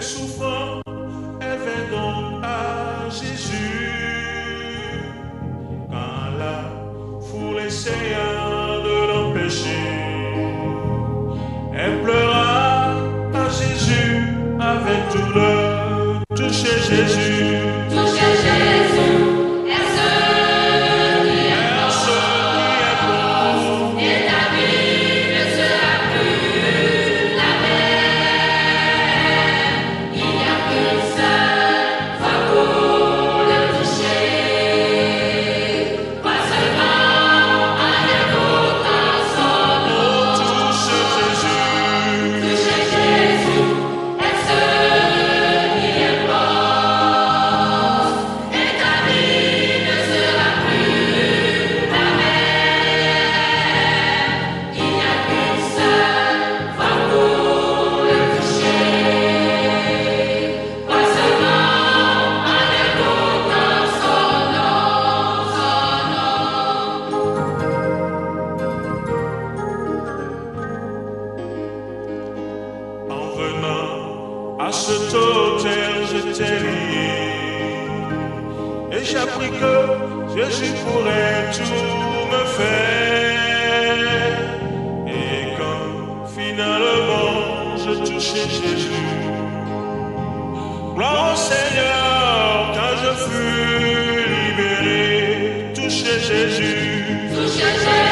souffrant, et vint donc à Jésus. Quand la foule essaya de l'empêcher, elle pleura à Jésus avec douleur, toucher Jésus. à cet hôtel j'étais lié. Et j'appris que Jésus pourrait tout me faire. Et quand finalement je touchais Jésus, gloire au Seigneur, quand je fus libéré, touché Jésus. Touché Jésus.